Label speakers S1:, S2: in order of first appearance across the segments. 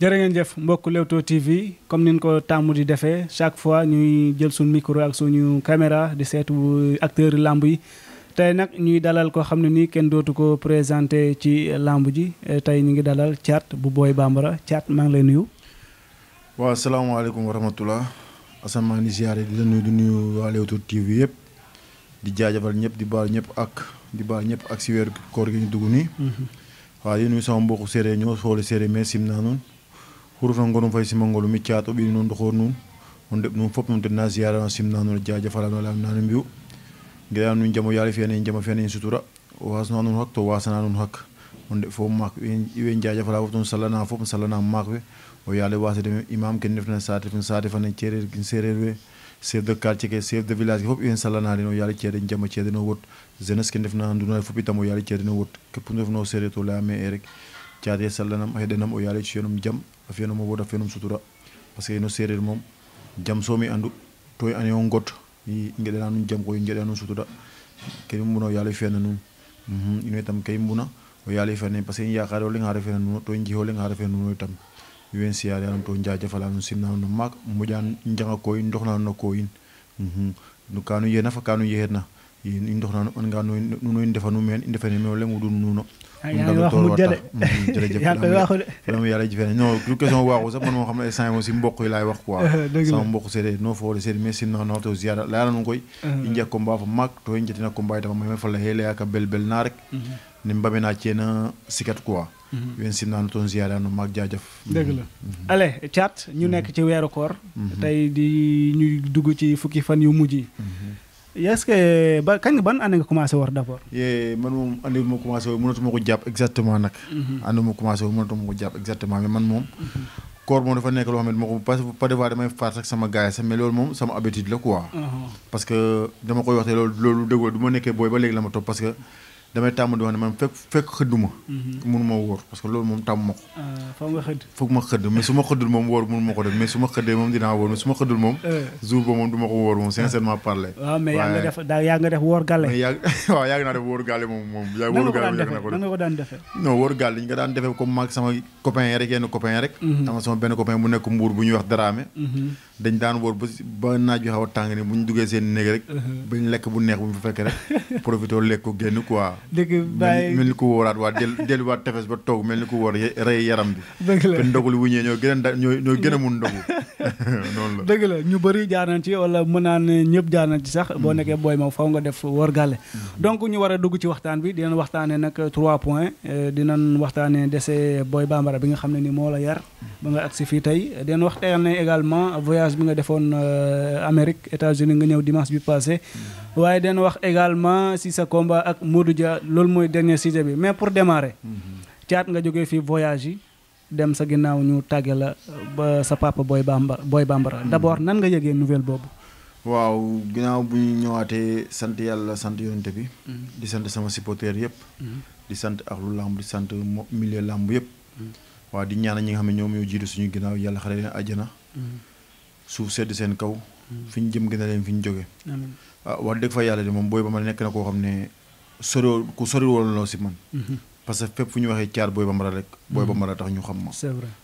S1: jër jërë ngeen jëf mbokk Leewtoo TV comme niñ ko tàmm di defee chaque fois ñuy jël suñ micro ak suñu kamera di seetu acteur làmb yi tey nag ñuy dalal koo xam ne nii kenn dootu ko présenté ci làmb ji eh, tey ñu ngi dalal Thiat bu Boy Bambara Thiat maa lay nuyu.
S2: waaw salaamaaleykum wa rahmatulah Assane maa ngi di ziare di nuyu di nuyu waa Leewtoo TV yëpp di jaajëfal ñëpp di baal ñëpp ak di baal ñëpp ak si weeru koor gi ñu dugg nii. Mhm. waaw di nuyu sama mbokku séeréer ñoo xooli séeréer mais sim naa noonu hurutan gonum fay simangol mi caato ɓini noon dohor nun on deɓ ɗum fof noon tenna ziyara on simna noon jajafarano alam nano mbiyu gueɗa num jaamo yaali fiyana en jaama fiyana en sutura o wasna noon hak to wasana noon hak on deɓ fof mak ɓe jajafara fof toon sallana fof sallana makɓe o yaali wasede imam ken defna sate fen sate fan en e ceerer we chef de quartier ke chef de village ke fof ɓen sallanaden o o yaali ceede no caatee sallanam heɗanam o yaali ceenum jam a fiyanamo woda fenum sutura par que eno sereer moom jam somi andu to e ane o got geɗana num jam koye jeɗa num sutura kadi mbuna o yaali fiyana num ino itam kay mbuna o yaali fiyane par ce que yakare o leng xa refena nuno to jiho leng xa refena nuno itam wen siyare anum to njajafala num simna num maak moƴan janga koyin doxna num no koyin no kanu mhm, yena fa kanu yeherna in doxnano on nga nuno in ndefanu meen o leŋ wuɗun nuno jërëjëfam yàlla jëfee non du question waaxu sax man moo xam ne instant uh-huh. uh-huh. na rek ne mbamena ceena sikat quoi wen uh-huh. simnaano toon ziyaare no maag jaajëf dëgg la
S1: mm-hmm. ale Thiat ñu mm-hmm. nekk ci weeru koor mm-hmm.
S2: tey di
S1: ñuy dugg ci fukki fan yu mujj yi est-ce ba kañ ban année nga commencé war d'abord.
S2: man moom année bi ma commencé woon mënatuma ko mhm. ma ko jàpp exactement mais man moom. Mhm. koor moom dafa nekk loo xam ne ma ko parce que pas damay faat sama gars sax mais loolu moom sama habitude la quoi. Uh-huh. parce que dama koy wax loolu loolu dëgg nekkee booy ba léegi la ma topp parce damay tàmm di wax ne man fekk fekk xëdduma mënuma mhm. wóor parce que loolu moom tàmm ma ko
S1: ah, foog nga xëdd
S2: foog ma xëdd mais su ma xëddul moom wóor mënuma ko def mais su ma xëddee moom dinaa wóor mais moom eh. jour ba moom du ma ko wóor moom sincèrement parler waaw ah, mais yaa nga def
S1: yaa nga def wóor gàlle yaa
S2: waaw def wóor gàlle moom moom yaa wóor gàlle yaa nga ko def nga ko daan defee non wóor gàlle yi nga daan defee comme maag sama copain rek yenn copain rek mhm. ama sama benn copain bu nekk mbuur bu ñu wax daraame mhm. dañ daan wóor ba ba naaj yu xaw a tàng ni bu ñu néeg rek bañ lekk bu neex bu ñu fa fekk rek profité lekk ko génn quoi
S1: dëgg bàyyi mel
S2: ni ku wóoraat waa del delluwaat tefes ba toog mel ni ku wóor rey yaram bi. dëgg la wu ñee ñoo gën a da ñoo gën a mun ndogu
S1: noonu ñu bëri jaar ci wala mën naa ne ñëpp jaar nañ ci sax. Mm-hmm. boo nekkee booy ma faw nga def wor gàlle. Mm-hmm. donc ñu war a dugg ci waxtaan bi dinañ waxtaanee nag trois points eh, dina waxtaanee dese booy bambara bi nga xam ne ni moo la yar. Mm-hmm. ba nga si fii tey den dinañ waxtaanee également voyage bi nga defoon euh, Amérique États-Unis nga ñëw dimanche bi passé. waaye den wax également si sa combat ak Modou ja loolu mooy dernier sujet bi mais pour démarrer. Mhm. caat nga jóge fii voyage yi dem sa ginnaaw ñu tàgge la ba sa papa Boy Bambara Boy Bambara mhm. d'abord nan nga yëgee nouvelle
S2: boobu. waaw ginnaaw bu ñu ñëwaatee sant yàlla sant yonent bi. Mhm. di sant sama supporteur yëpp. di sant ak lu làmb di sant milieu làmb yëpp. waaw di ñaanal ñi nga xam ne ñoom ñoo jiitu suñu ginnaaw yàlla xale leen àjjana. suuf sedd seen kaw. fi ñu jëm gën a leen fi ñu jóge. Ah, wax dëgg fa yàlla de moom booy bambara nekk na koo xam ne soriwul ku soriwul loo si man. Mhm. parce que fépp fu ñu waxee caar booy bambara rek. booy mhm. bambara tax ñu xam ma.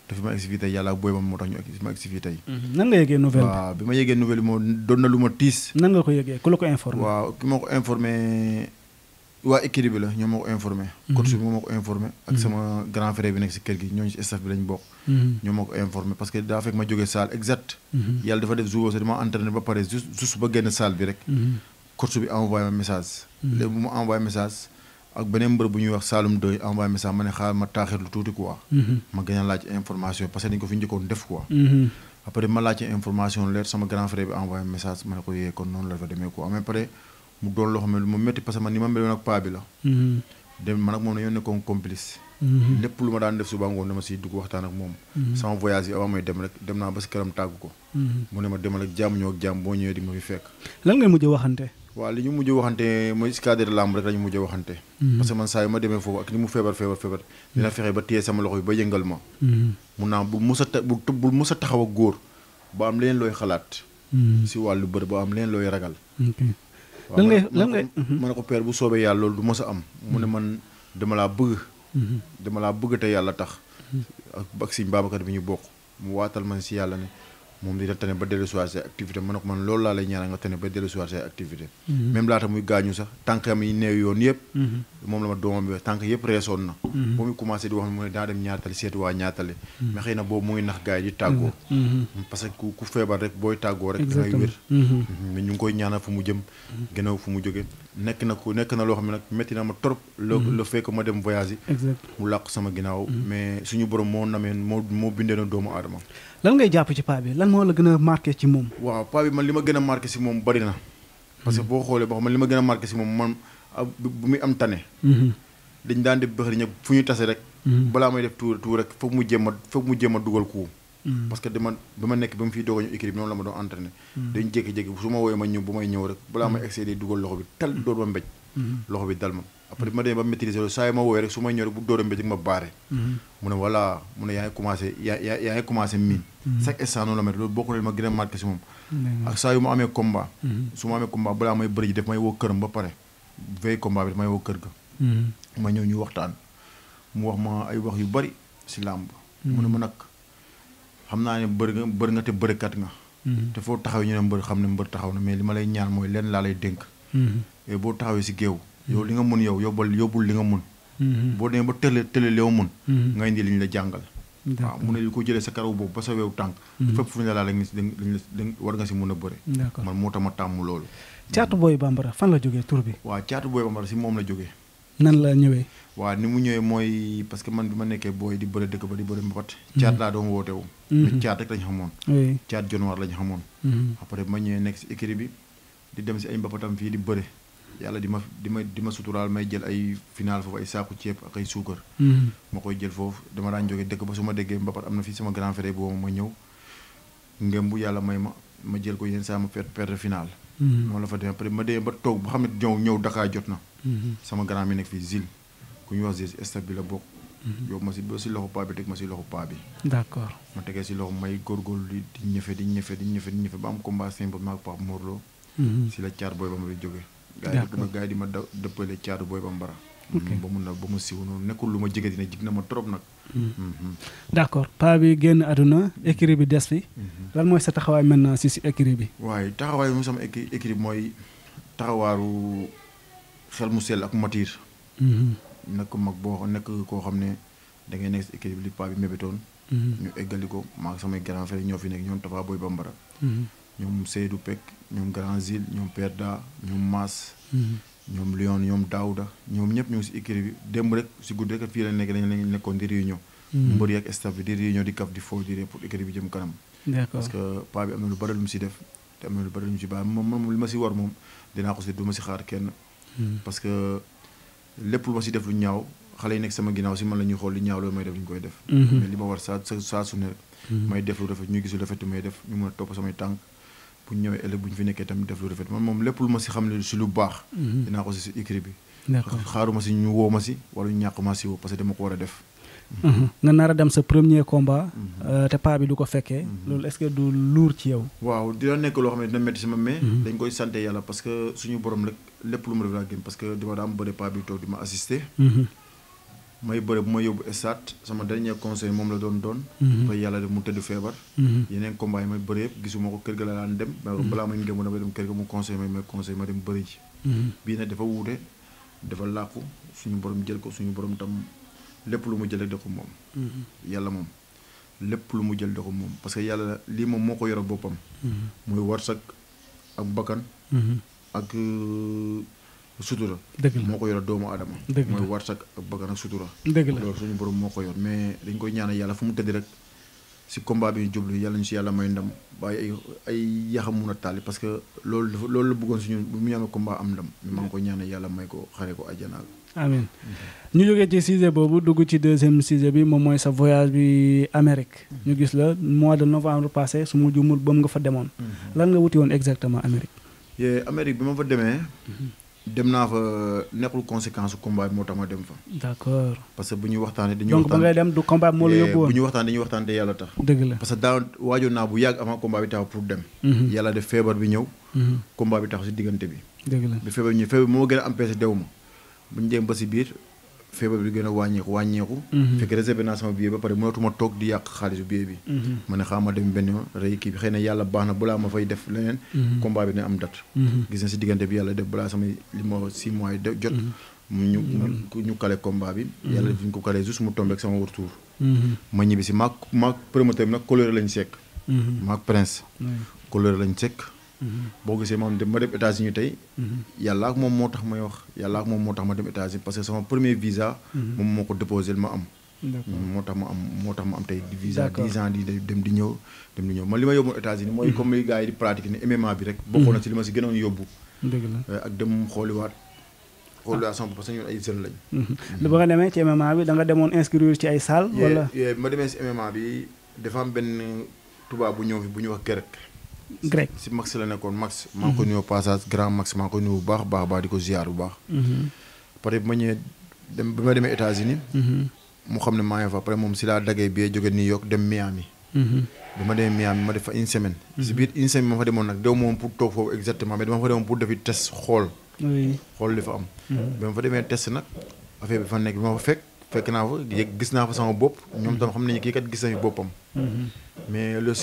S2: te fi ma egsi fii yàlla booy bambara moo tax ñu ma egsi fii tey.
S1: Mhm. nan nouvelle bi ma yëgee
S2: nouvelle bi doon na lu ma tiis. nan ko
S1: yëgee ku la ko informé.
S2: waaw ki ma ko informé waa équipe bi la ñoo ma ko informé. Mhm. coach bi moo ma ko informé. ak mhm. sama grand frère bi nekk si kër gi ñooñu si staff bi lañ bokk. Mhm. ñoo ma ko informé parce que daa fekk ma jógee salle bi rek. coach bi envoyé message. léegi bu ma envoyé message ak beneen mbër bu ñuy wax Saloum doy envoyé message ma ne xaar ma taaxir lu tuuti quoi. ma gën a information parce que dañ ko fi njëkkoon def quoi. après ma laaj information leer sama grand frère bi envoyé mu doon loo xam ne lu ma man ni ma meloon ak paa mhm. dem man ak moom dañoo nekkoon complice. Mhm. lépp lu ma daan def suba ngoon dama siy dugg waxtaan ak moom. Mhm. sama voyage yi avant may dem rek dem naa ba si këram tàggu ma demal ak jàmm ñoo ak jàmm boo ñëwee di ma fi fekk.
S1: lan ngay mujj waxante.
S2: waaw li ñu rek la ñu mujj waxante. parce que man saa yu ma demee foofu ak ni mu feebar feebar feebar. dina fexe ba téye sama loxo yi ba yëngal ma. mun naa bu mus a ta a taxaw ak góor ba am leen looy xalaat. si wàllu bër ba am leen looy ragal. lan ngay lan ngay ma mhm. ko père bu soobee yàlla loolu du ma sa am mu ne mhm. man dama laa bëgg mhm. dama laa bëgg te yàlla tax ak Sëñ Babacar bi ñu bokk mu waatal man si yàlla ne moom dina tane ba dellusiwaat say activité man ak man loolu laa lay ñaanal nga tane ba dellusiwaat say activité mhm. même laata muy gaañu sax tànkam yi neew yoon yëpp mhm. moom la ma doomam bi wax tànk yëpp reesoon na mhm. boo muy commencé di wax mu ne daa na boobu mu ngi nax gars yi di tàggoo parce que ku ku feebar rek booy tàggoo rek dangay wér mais ñu ngi koy ñaanal fu mu jëm gannaaw mu jóge nekk na ko nekk na loo xam ne nag métti na ma trop le le fait que ma dem voyage sama ginnaaw mais suñu borom moo na doomu aadama lan ngay jàpp ci lan moo la gën a marqué ci moom. waaw paa bi man li ma gën a marqué si moom bari na. parce que boo xoolee boo xam man li ma gën a marqué si moom man ah, bu muy am tane. Mm-hmm. dañ daan di bëxëri fu ñu tase rek. Mm-hmm. balaa may def tuur tuur rek foog mu jéem a foog mu dugal ko mm-hmm. parce que dama ba ma nekk ba mu fiy doog a ñëw équipe bi noonu la ma doon entraîné. dañ jékki-jékki su ma woowee ma ñëw ba may ñëw rek balaa may excédé dugal loxo bi tal doon ma Mm-hmm. loxo bi dal ma après ma demee ba maîtriser saa yi ma woowee rek su ma ñëwee bu dóor a mbéj ma baare mm-hmm. mu a voilà mu ne yaa ngi commencé yaa yaa yaa ngi commencé miin mm-hmm. chaque instant noonu la mel loolu bokk na ma gën a marqué si moom ak saa yu ma amee combat su ma amee combat balaa may bëri ji def may woo këram ba pare veille combat bi daf may woo kër ga ma ñëw ñu waxtaan mu wax ma ay wax yu bari si làmb mu ne ma nag xam naa ne bër nga bër nga te bërëkat nga te foo taxaw ñu ne mbër na mais li ma lay ñaan mooy leen yooyu mm-hmm. eh, boo taxawee si géew yow li nga mun yow yóbbal yóbbul li nga mun mm-hmm. boo demee ba tële tële li nga mun mm-hmm. nga indi li ñu la jàngal waaw mu ne li ko jëlee sa karaw boobu ba sa weew tànk fépp fu ñu la laal lañ lañ war nga si a bëre man moo tax ma tàmm loolu
S1: caatu booy bambara fan la jógee tur bi
S2: waaw caatu booy bambara moom la jógee
S1: nan la ñëwee
S2: waaw ni mu ñëwee mooy parce que man bi ma nekkee booy di bëre dëkk ba di bëre mbapat caat laa doon wootewu mais caat rek lañ xamoon caat jonwaar lañ xamoon après bi ma ñëwee nekk si écurie bi di dem si ay mbapatam fii di bëre yàlla di ma di ma di ma suturaal may jël ay final foofu ay saaku ceeb ak ay suukar hmm. ma koy jël foofu dama daan jógee dëkk ba su ma déggee ma ñëw ngëm bu yàlla may ma ma jël ko yenn saa ma perdre final hmm. noonu la fa demee après ma demee ba toog ba xam ne ñëw ñëw Dakar jot na hmm. sama grand mi nekk fii zil ku ñuy wax zil stade a la bokk yóbbu ma si loxo paa bi teg ma si loxo paa bi d'accord Mm-hmm. si la caar booy bambara jóge gaa yi ma da dëppale caaru booy bambara mm, ba mu na ba mu nekkul lu ma jege dina jig na ma trop nag mm-hmm. mm-hmm.
S1: d' accord pa bi génn àdduna écrit bi des fi lan mooy sa taxawaay maintenant si si écrit bi
S2: waaye taxawaay mu sama écrit écrit mooy taxawaaru xel mu sell ak matiir nekk mag boo nekk koo xam ne da nekk si écrit bi li pa bi mébétoon ñu eggali ko maa samay grand frère ñoo fi nekk ñoom Tafa booy bambara ñoom Seydou Peck ñoom Grand Zil ñoom Perda ñoom Maas. Mm-hmm. ñoom Lyon ñoom Daouda ñoom ñëpp ñu ngi si écrit bi démb rek si guddi rek fii la nekk dañu nekkoon di réunion. Mm-hmm. mbër yi ak staff bi di réunion di kaf di foo di ree pour écrit bi jëm kanam. parce que paa bi am na lu bari lu mu si def te am na lu bari lu mu si baax moom moom li ma si war moom dinaa ko si du ma si xaar kenn. Mm-hmm. parce que lépp lu ma si def lu ñaaw xale yi nekk sama ginnaaw si man la ñuy xool li ñaaw loolu may def li ñu koy def. mais li ma war saa saa su ne. may def lu rafet ñu gis lu rafet may def ñu mën a topp samay tànk. bu ñu ñëwee ëllëg bu ñu fi nekkee tamit def lu rafet man moom lépp lu ma si xam ne si lu baax. Mhm. dinaa ko si si écrit bi. d'accord xaaruma si ñu woo ma si wala ñu ñàkk ma si woo parce que dama ko war a def.
S1: Mhm. nga nar a dem sa premier combat. Mhm. Euh, te paa bi du ko fekkee. loolu est du luur ci yow.
S2: waaw dina nekk loo xam ne dina métti sama mais. dañ koy sant yàlla parce que suñu borom rek lépp lu mu def laa gën parce que bëri paa bi toog di ma may bëre ma yóbbu stade sama dernier conseil moom la doon doon. Mhm. ba yàlla de mu tëdd feebar. Mhm. yeneen combat may bëre gisuma ko kër ga la daan dem. Mhm. balaa may ngëm damay dem kër ga mu conseil may may conseil ma dem bëri ji. bii nag dafa wuute dafa làqu suñu borom jël ko suñu borom tam lépp lu mu jël rek da ko moom. yàlla moom lépp lu mu jël da ko moom parce que yàlla lii moom moo ko yore boppam. muy warsak ak bakkan. ak. sutura dëgg la moo ko yor doomu adama mooy warsak bakkan ak sutura dëgg la loolu suñu borom moo ko yor mais dañ koy ñaanal yàlla fu mu tëdd rek si combat bi ñu jublu yàlla ñu si yàlla may ndam waaye ay ay yaxam mun a taali parce que loolu dafa loolu la bëggoon suñu bu mu am ndam mais maa ngi koy yàlla may ko xare ko ajjanaal
S1: amin ñu jógee ci sujet boobu dugg ci deuxième sujet bi moom mooy sa voyage bi Amérique ñu gis la mois de novembre passé su ma juumul ba mu nga fa demoon mm-hmm. lan nga wuti woon exactement Amérique
S2: yee Amérique bi ma fa demee mm-hmm. dem naa fa nekkul conséquence combat bi moo tax ma dem fa. d'accord parce eh, bu ñuy waxtaan dañuy waxtaan te yàlla tax. dëgg la parce que daaw naa bu yàgg avant combat bi taxaw pour dem. Mhm. yàlla def feebar bi ñëw. Mhm. combat bi taxaw si diggante bi. dëgg la feebar bi ñëw feebar bi moo gën a empêché dew ma bu ñu dem ba si biir feebar bi gën a wàññeeku wàññeeku. Mhm. fekk réservé naa sama billet ba pare mënatuma toog di yàq xaalisu billet bi. Mhm. ma ne xaaral a dem benn yoon rey kii bi xëy na yàlla baax na balaa ma fay def leneen. Mhm. combat bi dina am date. gis na si diggante bi yàlla def balaa samay li ma six mois yi jot. ñu ñu kale combat bi. yàlla def ñu ko mu tombé ak sama retour. ma ñibbi si maag maag promoteur nag couleur lañ sekk. maag prince. couleur lañ sekk. Mm-hmm. boo gisee moom dem ma dem États-Unis tey. Mm-hmm. yàlla ak moom moo tax may wax yàlla ak moom moo tax ma dem États-Unis parce que sama premier visa. Mm-hmm. moom moo ko déposé ma am. moo tax ma am moo tax ma am tey visa dix di dem di ñëw dem di ñëw man li ma yóbbu États-Unis mooy comme li gars di pratiquer ne MMA bi rek. bokkoon na li ma si gënoon yóbbu. Euh, ak dem xooliwaat. Ah. xooliwaat sama parce que ñun ay jeunes lañ.
S1: lu ba nga demee ci MMA bi da nga demoon inscrire
S2: bu bu ñu wax si max la nekkoon max. maa ngi ko nuyoo passage grand max maa ko nuyu bu baax baax baax di ko ziar bu baax. Mhm. pare bu ma ñëwee dem bi ma demee États-Unis mhm. mu xam ne maa ngi fa après moom si laa daggee bi jóge New York dem Miami. Mhm. bi ma demee Miami ma def fa une semaine. si biir une semaine ma fa demoon nag dew moom pour toog foofu exactement mais dama fa demoon pour defi test xool. xool li fa am. bi ma fa demee test nag affaire bi fa nekk bi ma fa fekk. fekk naa fa gis naa fa sama bopp ñoom tam xam nañu kii kat gis si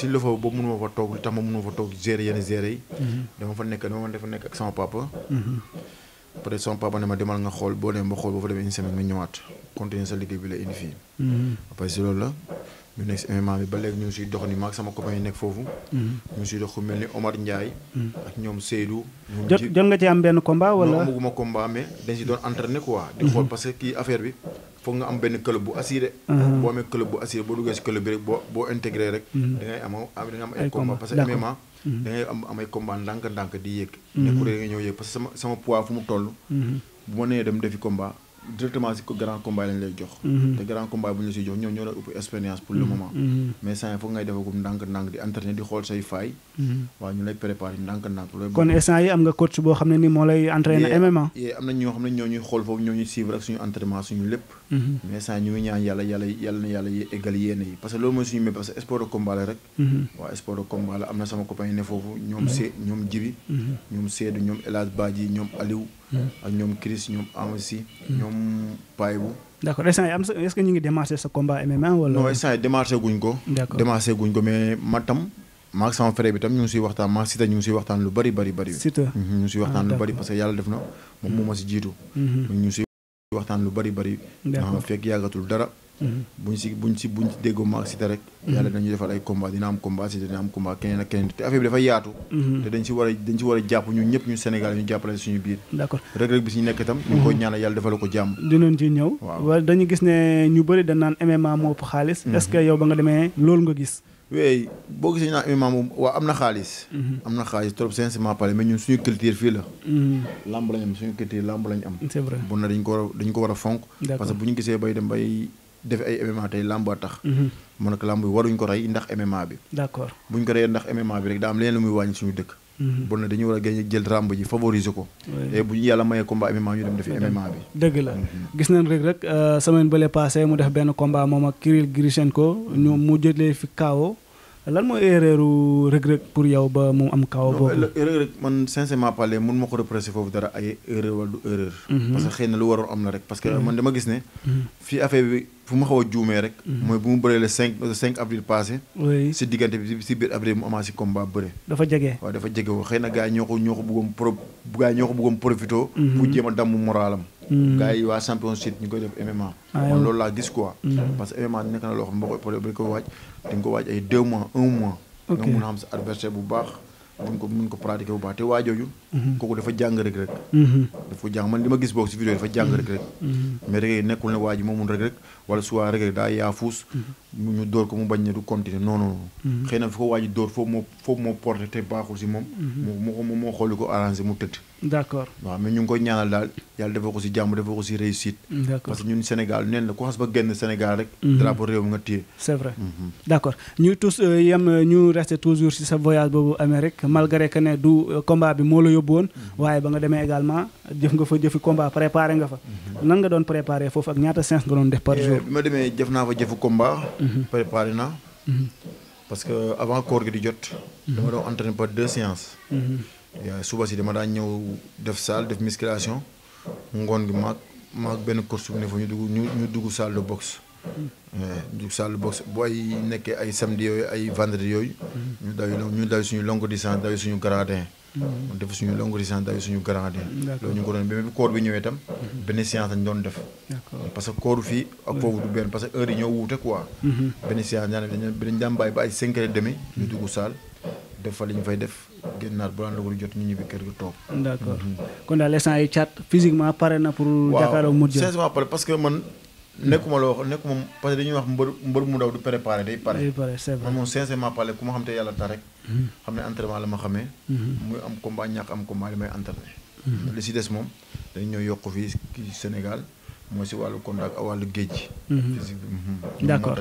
S2: la fa boobu mënuma fa toog li tax ma mënuma fa toog gérer fa nekk dama fa nekk ak sama papa peut-être sama ne xool boo demee ba xool boo fa demee une semaine nga ñëwaat continuer sa bi la si loolu ba léegi ñu ngi siy dox ni maag sama copain yi nekk foofu ñu ngi ni Omar Ndiaye ak ñoom Seydou jot
S1: nga ci am benn combat wala
S2: amaguma combat mais dañ si doon entraîner quoi di mhm. xool parce que kii affaire bi foog nga am benn club bu assuré. boo amee club bu assuré boo duggee si club bi rek boo boo rek. da ngay am am ay combat parce que MMA. da am am combat ndànk-ndànk di yéeg. nekkul da nga ñëw yéeg parce que sama poids fu mu toll. bu ma nee dem defi combat. directement si grand lay jox. Mhm. te grand combat bu la siy jox ñoo ñoo la ëpp expérience pour le mhm. moment. Mhm. mais saa foog ngay defagum ndànk-ndànk di entraîner di xool say faay. waaw ñu lay préparer ndànk-ndànk. loolu kon instant yi
S1: am nga coach boo xam ne ni moo lay entraîner MMA.
S2: am na ñoo xam ne ñoo ñuy xool foofu ñoo ñuy suivre ak suñu entraînement suñu lépp. mais saa ñu ngi ñaan yàlla yàlla yàlla na yàlla eggal yéene yi parce que ak ñoom Chris ñoom Amasi. ñoom Paybu.
S1: d' accord instant am est ñu ngi démarché sa combat MMA wala. non instant
S2: démarché ak sama frère bi tam ñu ngi siy waxtaan maa Siteu ñu ngi siy waxtaan lu bari bari bari. Siteu mhm, ñu ngi siy waxtaan ah, lu bari parce que yàlla def na moom moo ma si jiitu. Mhm. ñu ngi siy waxtaan lu bari bari. d' accord fekk yàggatul dara. buñ si buñ si buñ si déggoo maag am combat Siteu a dañ si war a ñëpp ñu Sénégal ñu jàppale suñu biir d'accord bi suñu nekk itam ñu ngi koy ñaanal yàlla defal ko jàmm
S1: dinañ ci ñëw waaw dañu mhm. nga demee loolu nga gis
S2: oui boo gisee naa MMA moom waa am na xaalis mhm. am na xaalis trop sincèrement parlé mais ñun suñu culture fii la mhm. lamb lañ am suñu culture lamb lañ am c'est bu na dañ ko war a dañ ko war a fonk parce que bu ñu gisee bay dem def ay MMA tey làmboo tax. Mhm. mu ne ko bi waruñ ko rey ndax MMA bi. d'accord buñ ko reyee ndax MMA bi rek daa am leneen lu muy wàññi suñu dëkk. Mhm. bon na dañu war a gën jël ramb ji favoriser ko. te bu ñu yàlla mayee combat MMA ñu dem defi MMA bi. dëgg
S1: la mhm. gis nañ rek rek euh, semaine bële passé mu def benn combat moom ak Kirill Grishenko ñu mu jëlee fi KO. lan mooy erreuru Reug Reug pour yow ba mu am kaw boobu
S2: Reug Reug man sincèrement parler mun ma ko reprocher foofu dara ay erreur wala du erreur mhm. parce que xëy na lu waroon am na rek parce que mhm. man dama gis ne mhm. fii affaire bi fu ma xaw a rek mooy bu mu bëree le cinq le cinq avril passé si diggante bi si biir avril mu amaat si combat bëre dafa jege waaw dafa jege woo xëy na gars yi ñoo ko ñoo ko bëggoon pro gars yi ñoo ko bëggoon profité Mm. gars yi waa champion sud ñu koy def MMA. man loolu laa gis quoi. Mm. parce que MMA nekk na loo xam ne boo ko ko waaj di nga ko waaj ay deux mois un mois. nga mun a xam sa adversaire bu baax. mun ko mun ko pratiquer bu baax te waajooju mm-hmm. kooku dafa jàng rek rek. Mm-hmm. dafa jàng man li ma gis boog si vidéo dafa jàng rek mm-hmm. rek. mais rek nekkul ne waaj moo mun rek rek. wala soit rek daa yaafuus. Mhm. ñu dóor ko mu bañ ne du continuer noonu non non. Mhm. na fi ko waaj dóor foofu moo foofu te baaxul si moom. Mhm. moo moo moo xooli ko arrangé mu tëdd. d' accord waaw mais ñu ngi ko si jàmm defal si réussite. d' accord parce que ñun Sénégal neen ba génn Sénégal rek. drapeau réew mi nga téye. c' vrai
S1: ñu tous euh, yem toujours si sa voyage boobu Amérique malgré que ne du euh, combat bi moo la yóbbu woon. waaye ba nga demee également jëf nga fa jëfi combat préparé nga fa. nan nga doon préparé foofu ak ñaata séance nga doon def par eh, bi
S2: ma demee jëf naa fa jëfu combat. préparé naa. parce que avant koor gi di jot. dama doon entraîné par deux séances. suba si dama daan ñëw def salle def musculation ngoon gi maag maag benn course bu ne fa ñu dugg ñu ñu dugg salle de boxe. Eh, dugg salle de boxe bu ay nekkee ay samedi yooyu ay vendredi yooyu. ñu daw ñu daw suñu longue distance daw suñu gradin. waaw def suñu longue distance daw suñu grandé loolu ñu ko doon bi koor bi ñëwee itam benn séance lañ doon def parce que koor fii ak foofu du benn parce que heure yi ñoo wuute quoi mhm. benn séance ñaan bi dañ daan bàyyi ba ay cinq heures ñu dugg saal def fa li fay def génnaat bu daan dogal jot ñu ñibbi kër gi toog mhm.
S1: kon daal instant yi caat physiquement pare na pour jàkkaarloo mujj sincèrement
S2: pare parce que man nekkuma la wax nekkuma parce que dañuy wax mbër mbër mu ndaw du préparé day pare. day
S1: pare c'est vrai man
S2: moom ku ma xam te yàlla tax rek. Hmm. xam ne entraînement la ma xamee. Hmm. muy am combat ñàkk am combat li may entraîné. Hmm. li si des moom dañ ñëw yokk fii kii Sénégal. mooy si wàllu contact ak wàllu géej. d' accord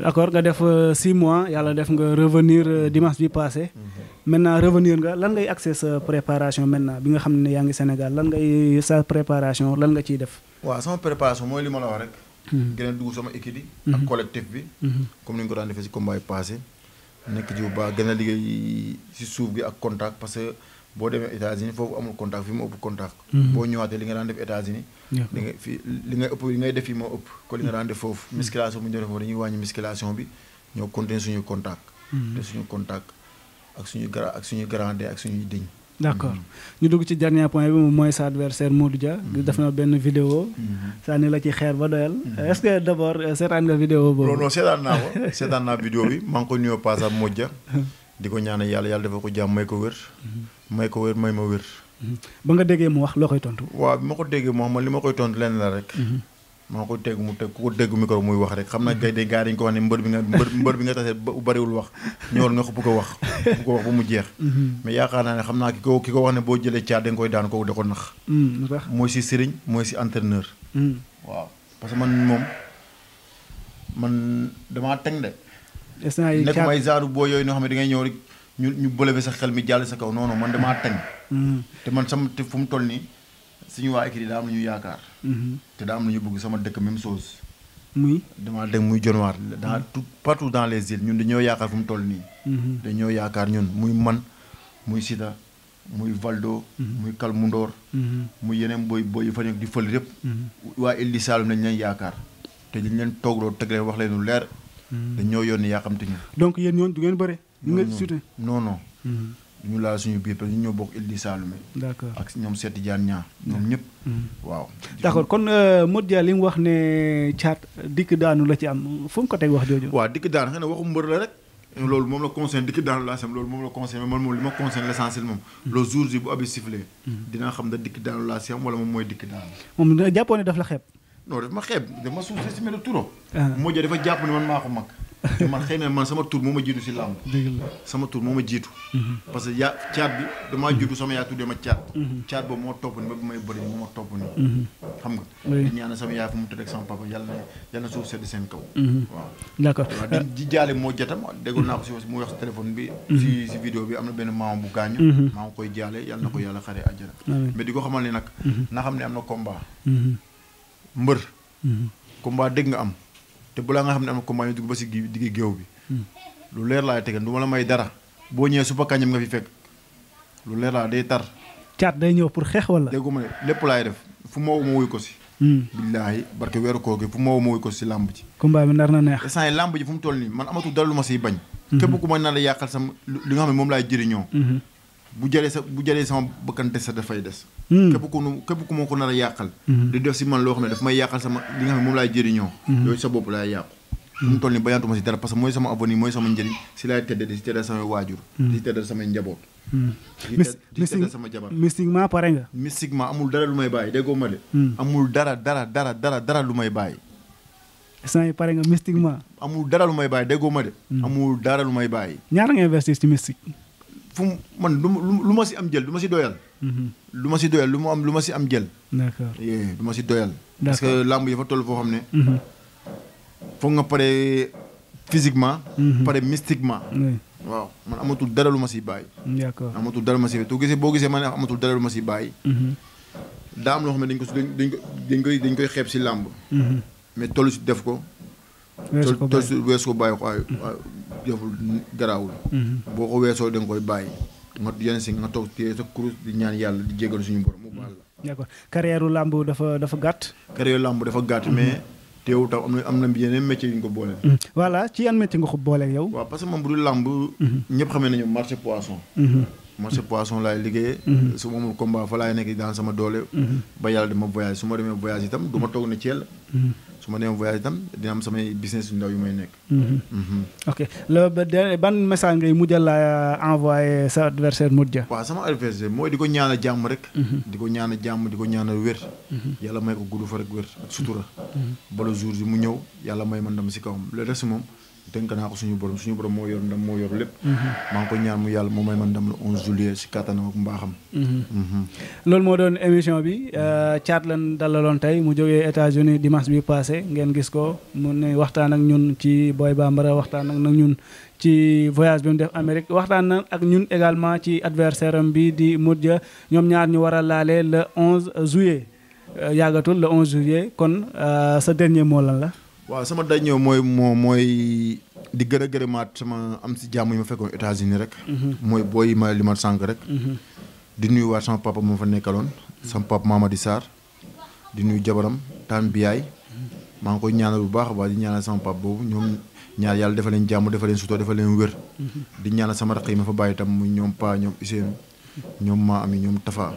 S1: d' accord nga def 6 euh, mois yàlla def nga revenir euh, dimanche bi passé. Mhm. maintenant revenir nga lan ngay accès sa préparation maintenant bi nga xam ne yaa ngi Sénégal lan ngay sa préparation lan nga ciy def.
S2: waaw sama préparation mooy li ma la wax rek. Mhm. gën a dugg sama équipe mhm. ak collectif bi. comme ni ñu ko daan defee si combat yi passé. nekk jiw bu baax gën a liggéey si suuf gi ak contact parce boo demee États-Unis foofu amul contact fi mu ëpp contact. Mhm. boo ñëwaatee li nga daan def États-Unis li nga fi li ëpp li ngay def yi moo ëpp ko li nga daan def foofu mm. musculation bu ñu defee foofu dañuy wàññi musculation bi ñoo continuer suñu contact mm. te suñu contact ak suñu gra ak suñu grandeur ak suñuy dëñ
S1: d' mm-hmm. ñu dugg ci dernier point bi moom mooy sa adversaire Modou Dia. Mm-hmm. def na benn vidéo. Mm-hmm. sànni la ci xeer ba doyal. est ce d' abord euh, seetaan nga vidéo boobu. non non seetaan
S2: naa ko seetaan naa vidéo bi maa ngi ko nuyoo Pazam Modou di ko ñaana yàlla yàlla dafa ko jàmm may ko wér. may ko wér may ma wér.
S1: ba nga déggee mu wax loo koy tontu. waaw
S2: bi ma ko déggee moo wax man li ma koy tontu lenn la rek. Mhm. maa ko teg mu teg ku ko dégg micro muy wax rek xam naa kay day gars ko wax ne mbër bi nga mbër bi nga tase ba bariwul wax ñëwal nga xëpp ko wax bu ko wax mu jeex mhm. mais yaakaar naa ne xam naa ki ko ki ko wax ne boo jëlee caat da koy daan ko da ko nax mhm, mooy si sëriñ mooy si entraîneur waaw parce que man moom man damaa teg de nekk may genre boo yooyu noo xam ne da ngay ñëw rek ñu ñu bëlëbe sa xel mi jàll sa kaw non man damaa tañ. Mm-hmm. te man sama te fu mu toll nii suñu waa écrit mm-hmm. daa am lu ñu yaakaar. te daa am na ñu bugg sama dëkk même chose. muy damaa dem muy jonwaar mm-hmm. dans tout partout dans les îles ñun dañoo yaakaar fu mu toll nii. dañoo yaakaar ñun muy man muy Sida muy Valdo. muy Kalmundoor. muy yeneen booy booy yu fa nekk di fël yëpp. waa Île du Saloum leen yaakaar te dañ leen toogloo teg leen wax leen lu leer. dañoo yoon yaa xam te ñu. donc yéen ñooñu du ngeen bëre. ñu nga Cité non non. Mhm. ñu laa suñu biir parce que ñu ñoo bokk Île di Saloum. d'accord ak ñoom Seeti jaan ñaar ñoom ñëpp. Mhm. waaw. d'accord
S1: kon euh, Modou Dia li mu wax ne caat dikk daanu la ci am fu mu ko dikk
S2: daanu xëy na waxu mbër la rek. loolu moom la conseil dikk daanu laa sam loolu moom la conseil mais man moom li ma conseil l'essentiel moom. Mhm. le jour ji bu abi sifflé. dinaa xam ne dikk daanu laa si am wala moom mooy dikk daanu.
S1: moom jàppoon ne daf la xeeb.
S2: non daf ma xeeb daf ma suuf si si Turo. Ah. Modou dafa te man xëy na man sama tur moo ma jiitu si làmb sama tur moo ma jiitu mhm. parce que yaa caat bi damaa mhm. jiitu sama yaa tuddee ma caat mhm. caat boobu moo topp ni ba bi may bëri moo ma topp ni xam nga di ñaanal sama jaale moo jotam déggul naa ko si wax mu wax si bi si si vidéo bi am na benn maam bu gaañu maa ngi koy jaale yàlla na ko yàlla xare àjjana mais di ko xamal ne nag na xam ne am na combat mbër combat dégg nga am te bu laa nga xam ne am na combat ñu dugg ba si diggi géew bi hmm. lu leer laa tegal du ma la may dara boo ñëwee suba kañam nga fi fekk lu leer laa day tar caat day ñëw pour xeex wala déggu ma ne lépp laay def fu ma woo wuy ko si hmm. billaahi barke weeru koor gi fu ma woo ko si làmb ji combat bi nar na neex instant làmb ji fu mu toll nii man amatul dara lu ma siy bañ hmm. képp ku ma nar a yàqal sama li nga xam ne moom laay jëriñoo bu jëlee sa bu jëlee sama bëkkante sa dafay des Mm. képp ku nu képp ku ma ko nar a yàqal mm-hmm. di def si man loo xam ne daf may yàqal sama li nga xam ne moom laay jëriñoo mm-hmm. yooyu sa bopp laay yàqu lu mu toll nii bañaatuma si dara parce que mooy sama avenir mooy sama njëriñ si laay tëdd di si tëddal samay waajur mm-hmm. di si tëddal samay njaboot di tëddal sama jabar
S1: mystiquement pare nga
S2: mystiquement amul dara lu may bàyyi déggoo ma de amul dara dara dara dara dara lu may bàyyi
S1: sant yi pare nga mystiquement
S2: amul dara lu may bàyyi déggoo ma de amul dara lu may bàyyi
S1: ñaata nga investir si mystique fu mu
S2: man lu lu ma si am jël du ma si doyal Mm-hmm. lu ma si doyal lu ma si am jël. du ma si doyal. parce làmb yi fa toll foo xam ne. Mm-hmm. foog nga pare physiquement. Mm-hmm. pare mystiquement. waaw man amatul dara lu ma si bàyyi. amatul dara lu ma si bàyyi tu gisee boo gisee man amatul dara lu ma si bàyyi. daa am loo xam ne dañ ko dañ ko dañ koy dañ koy xeeb si làmb. mais toll si def ko. weesu si weesu ko bàyyi ko ay deful garaawul. boo ko weesoo da koy bàyyi. nga yenn si nga toog téye sa kurus di ñaan yàlla di jégal suñu borom mu baal la.
S1: d'accord carrière làmb dafa dafa gàtt.
S2: carrière làmb dafa gàtt mm-hmm. mais. teewul tam am na am na yu ñu ko booleel.
S1: Mm-hmm. voilà ci yan
S2: métier nga ko booleel yow. waaw parce que moom làmb. Mm-hmm. ñëpp xam nañu marché poisson. man si poisson laay liggéeyee. Mm-hmm. su ma amul combat fa laay nekk daan sama doole. Mm-hmm. ba yàlla dama voyage su ma demee voyage itam du ma toog ne Thiel. Mm-hmm. su ma demee voyage itam dina am samay business yu ndaw yu may nekk.
S1: ok le ban message ngay mujjal la envoyé sa adversaire Modou Dia. waaw sama
S2: adversaire mooy di ko ñaana jàmm rek. di ko ñaana jàmm di ko ñaanal wér. yàlla may ko gudd fa rek wér ak sutura. bala jour yi mu ñëw yàlla may man dama si kawam le reste moom. denk naa ko suñu borom suñu borom moo yor ndam moo yor lépp. Mhm. maa ko ñaan mu yàlla moo may man ndam la 11 juillet si kattanam ak mbaaxam. Mhm. Mhm.
S1: loolu moo doon émission bi Thiat euh, lan loon tey mu jógee États-Unis dimanche bi passé ngeen gis ko mu ne waxtaan ak ñun ci Boy Bambara waxtaan ak ñun ci voyage bi mu def Amérique waxtaan na ak ñun également ci adversaire bi di Modja ñoom ñaar ñu war a laale le 11 juillet euh, yàggatul le 11 juillet kon
S2: euh, sa dernier mot la. waaw sama daj ñëw mooy moo mooy di gën a gërëmaat sama am si jàmm yi ma fekkoon États-Unis rek. Mhm. mooy booy ma li ma sànq rek. Mhm. di nuyuwaat sama papa moo fa nekkaloon. sama papa Mamadi Sarr di nuy jabaram Tane Biaye maa ngi koy ñaanal bu baax waa di ñaanal sama papa boobu ñoom ñaar yàlla defal leen jàmm defal leen sutura defa leen wér. Mhm. di ñaanal sama raq yi ma fa bàyyi tam ñoom Pa ñoom Ousseynou ñoom maa ami ñoom Tafa.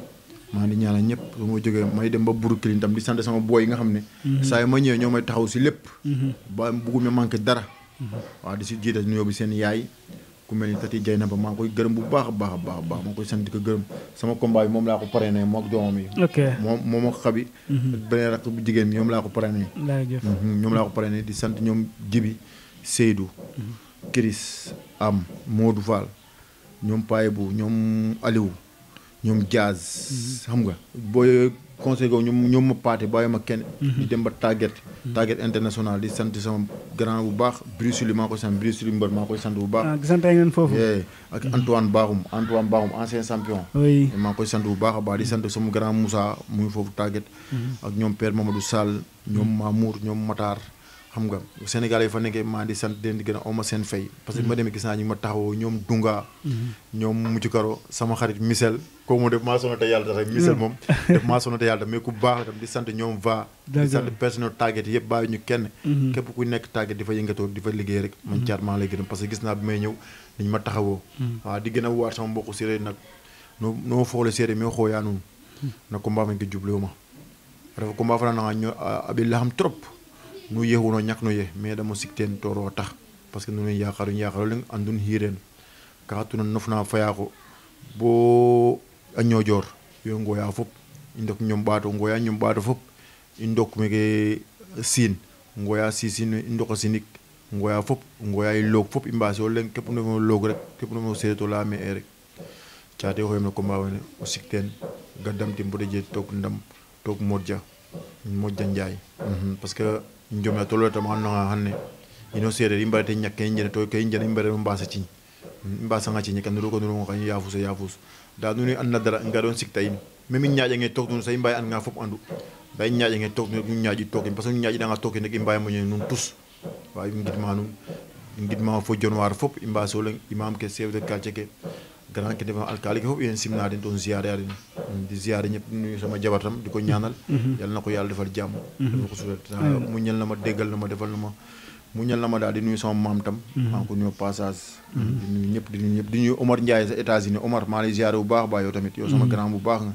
S2: maa ngi ñaanal ñëpp bu ma jógee may dem ba Brooklyn tam di sant sama boy yi nga xam ne. Mhm. saa yu ma ñëwee ñoo may taxaw si lépp. Mhm. ba bugguma manqué dara. Mhm. waaw di si jiital nio bi seen yaay. ku mel ni tati jay na ba maa ngi koy gërëm bu baax a baax a baax maa koy sant ko gërëm sama combat bi moom laa ko parrainé moom moo doomam yi. moom moom ak xabi. beneen rakk bu jigéen bi ñoom laa ko parrainé. ñoom laa ko parrainé di sant ñoom Jibi Seydou. kiris Am Modou Fall ñoom Paye ñoom jazz. xam nga booy conseil ko ñoom ñoom ma paate bàyyi ma kenn. Mhm. di dem ba tàgget. Mhm. tàgget international di sant sama grand bu baax Bruce Lee maa koy sant Bruce Lee mbër maa koy sant bu baax. ah sant ngeen foofu. ak mhm. Antoine Bakhoum Antoine Bakhoum ancien champion. oui maa koy sant bu baax a baax di sant sama grand Moussa mu ngi foofu tàgget. ak ñoom Père Mamadou Sall. ñoom Mamour ñoom Matar. xam nga Sénégal yi fa nekkee maa di sant leen di gën a oma seen fay parce que ma demee gis naa ñu ma taxawoo ñoom Dunga ñoom Mucc sama xarit Michel kooku def maa sonal yàlla tax maa sonal baax la tam di sant ñoom va di sant personnel target yëpp bàyyi ñu kenn mhm. képp ku nekk target di fa yëngatoo di fa liggéey rek man caat maa lay gërëm parce que gis naa bi may ñëw dañ ma taxawoo mhm. waaw di gën a waar sama mbokku séeréer nag noo foole noye wono ñaknoye meeɗa mo sikten toro tax par ce que nonen yakaru yakaro leng andun hiren ka tuna nofna fayako bo a ñojoor yo ngoya fop i ndok ñom ɓaato ngoya ñom ɓaato fop i ndok meke siin ngoya sisin i fop i loog fop i mbaasi o leng kep ndefo loog rek kep ndefo seereer to leya me e rek caate xoyam no combat wene o sik teen ga damtin bo de jeg toog ndam toog modja modja njaay mhm, parce que njome tolo tama hanna hanne ino sere imba te nyakke njene to ke njene imba re mbasa ci mbasa nga ci nyaka nuru ko nuru ko ya fusu ya fusu da nuni an nadara nga don sikta in memi nyaaje nge tok dun sa imba an nga fop andu da nyaaje nge tok nu nyaaji tok parce que nyaaji da nga tok nek imba mo nun tous wa im gidma nun gidma fo jonwar fop imba so le imam ke chef de quartier ke grand ke devant alkali di ziyaare ñëpp nuyu sama jabatam di ko ñaanal mhm. yal na ko yàlla defal jàmm dafa mhm. ko sutura mu ñal na ma déggal na ma defal na ma mu ñal na ma daal di nuyu sama maam tam mhm. maa ngi ko nuyu ñëpp di nuyu ñëpp di nuyu Omar Ndiaye sa États-Unis Omar maa bu baax baa yow tamit yow sama grand bu baax nga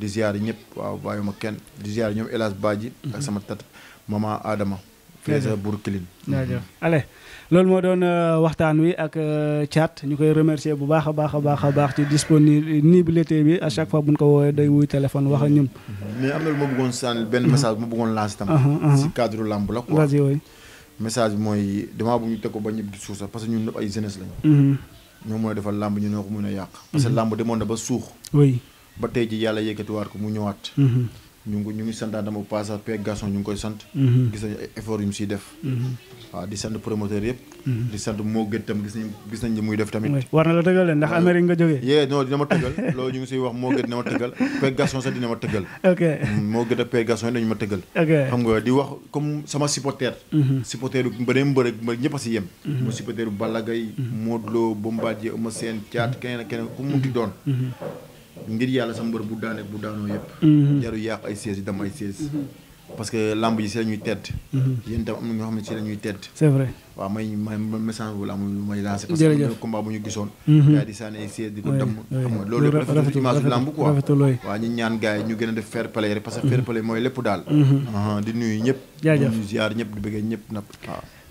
S2: di ziyaare ñëpp waaw bàyyi ma kenn di ziyaare ñoom El Hadj Badji ak sama tat mama Adama frère Bourkiline
S1: allez loolu moo doon euh, waxtaan wi ak euh, Thiat ñu koy remercier bu baax a baax a baax a baax ci disponibilité bi à chaque fois bu ñu ko woowee day wuy téléphone wax ak ñun.
S2: mais am na lu ma bëggoon sànni benn message bu ma bëggoon lancer tam. Uh-huh, uh-huh. si cadre lamb la quoi. message mooy damaa bëgg ñu teg ko ba ñëpp di suuf sax parce que ñun ay jeunesse lañu. ñoo mën a defal lamb ñu noo ko mën a yàq. parce que mm-hmm. lamb demoon na ba suux. oui ba tey ji yàlla yëkkatiwaat ko mu ñëwaat. Mm-hmm. ñu ngi ñu dama passage Père Gasson ñu ngi koy sant. Mhm. gis nañu effort yu mu siy def. Mhm. waaw di sant promoteur yëpp. Mhm. di sant moo gën gis nañ muy def tamit. war na la tëggal ndax Amérique nga jógee. yee non dina ma tëggal loolu ñu ngi siy wax moo gën dina ma tëggal Père Gasson sax dina ma tëggal. ok moo gën a Père Gasson dañu ma tëggal. ok xam nga di wax comme sama supporter. supporter bu mbëree mbër ak mbër ñëpp a si yem. mu supporter bu Balla Gaye. Modou Lo Bombardier Eumeu Sène ngir yàlla sa mbër bu daanee bu daanoo yëpp. Mhm. jarul yàq ay sièges yi dem ay sièges. Mhm. parce que lamb ji si la ñuy tedd. Mhm. yéen itam am na ñoo xam ne si ñuy tedd. c'est vrai waaw may may message bu la amul may lancer. parce que combat ñaan gars ñu gën a def fair play parce que mhm. fair mooy lépp daal. Mhm. Ah, di nuyu ñëpp.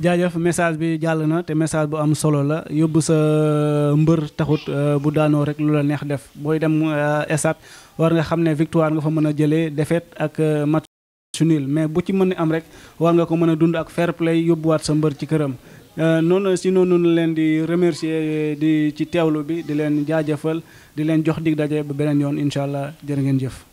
S1: jaajëf message bi jàll na te message bu am solo la yóbbu sa euh, mbër taxut euh, bu daanoo rek lu la neex def booy dem euh, esat war nga xam ne victoire nga fa mën a jëlee défaite ak match nul mais bu ci mën a am rek war nga ko mën a dund ak fair play yóbbuwaat sa mbër ci këram. Euh, noonu si noonu leen di remercier di ci teewlu bi di leen jaajëfal di leen jox di daje ba beneen yoon incha allah jër ngeen jëf.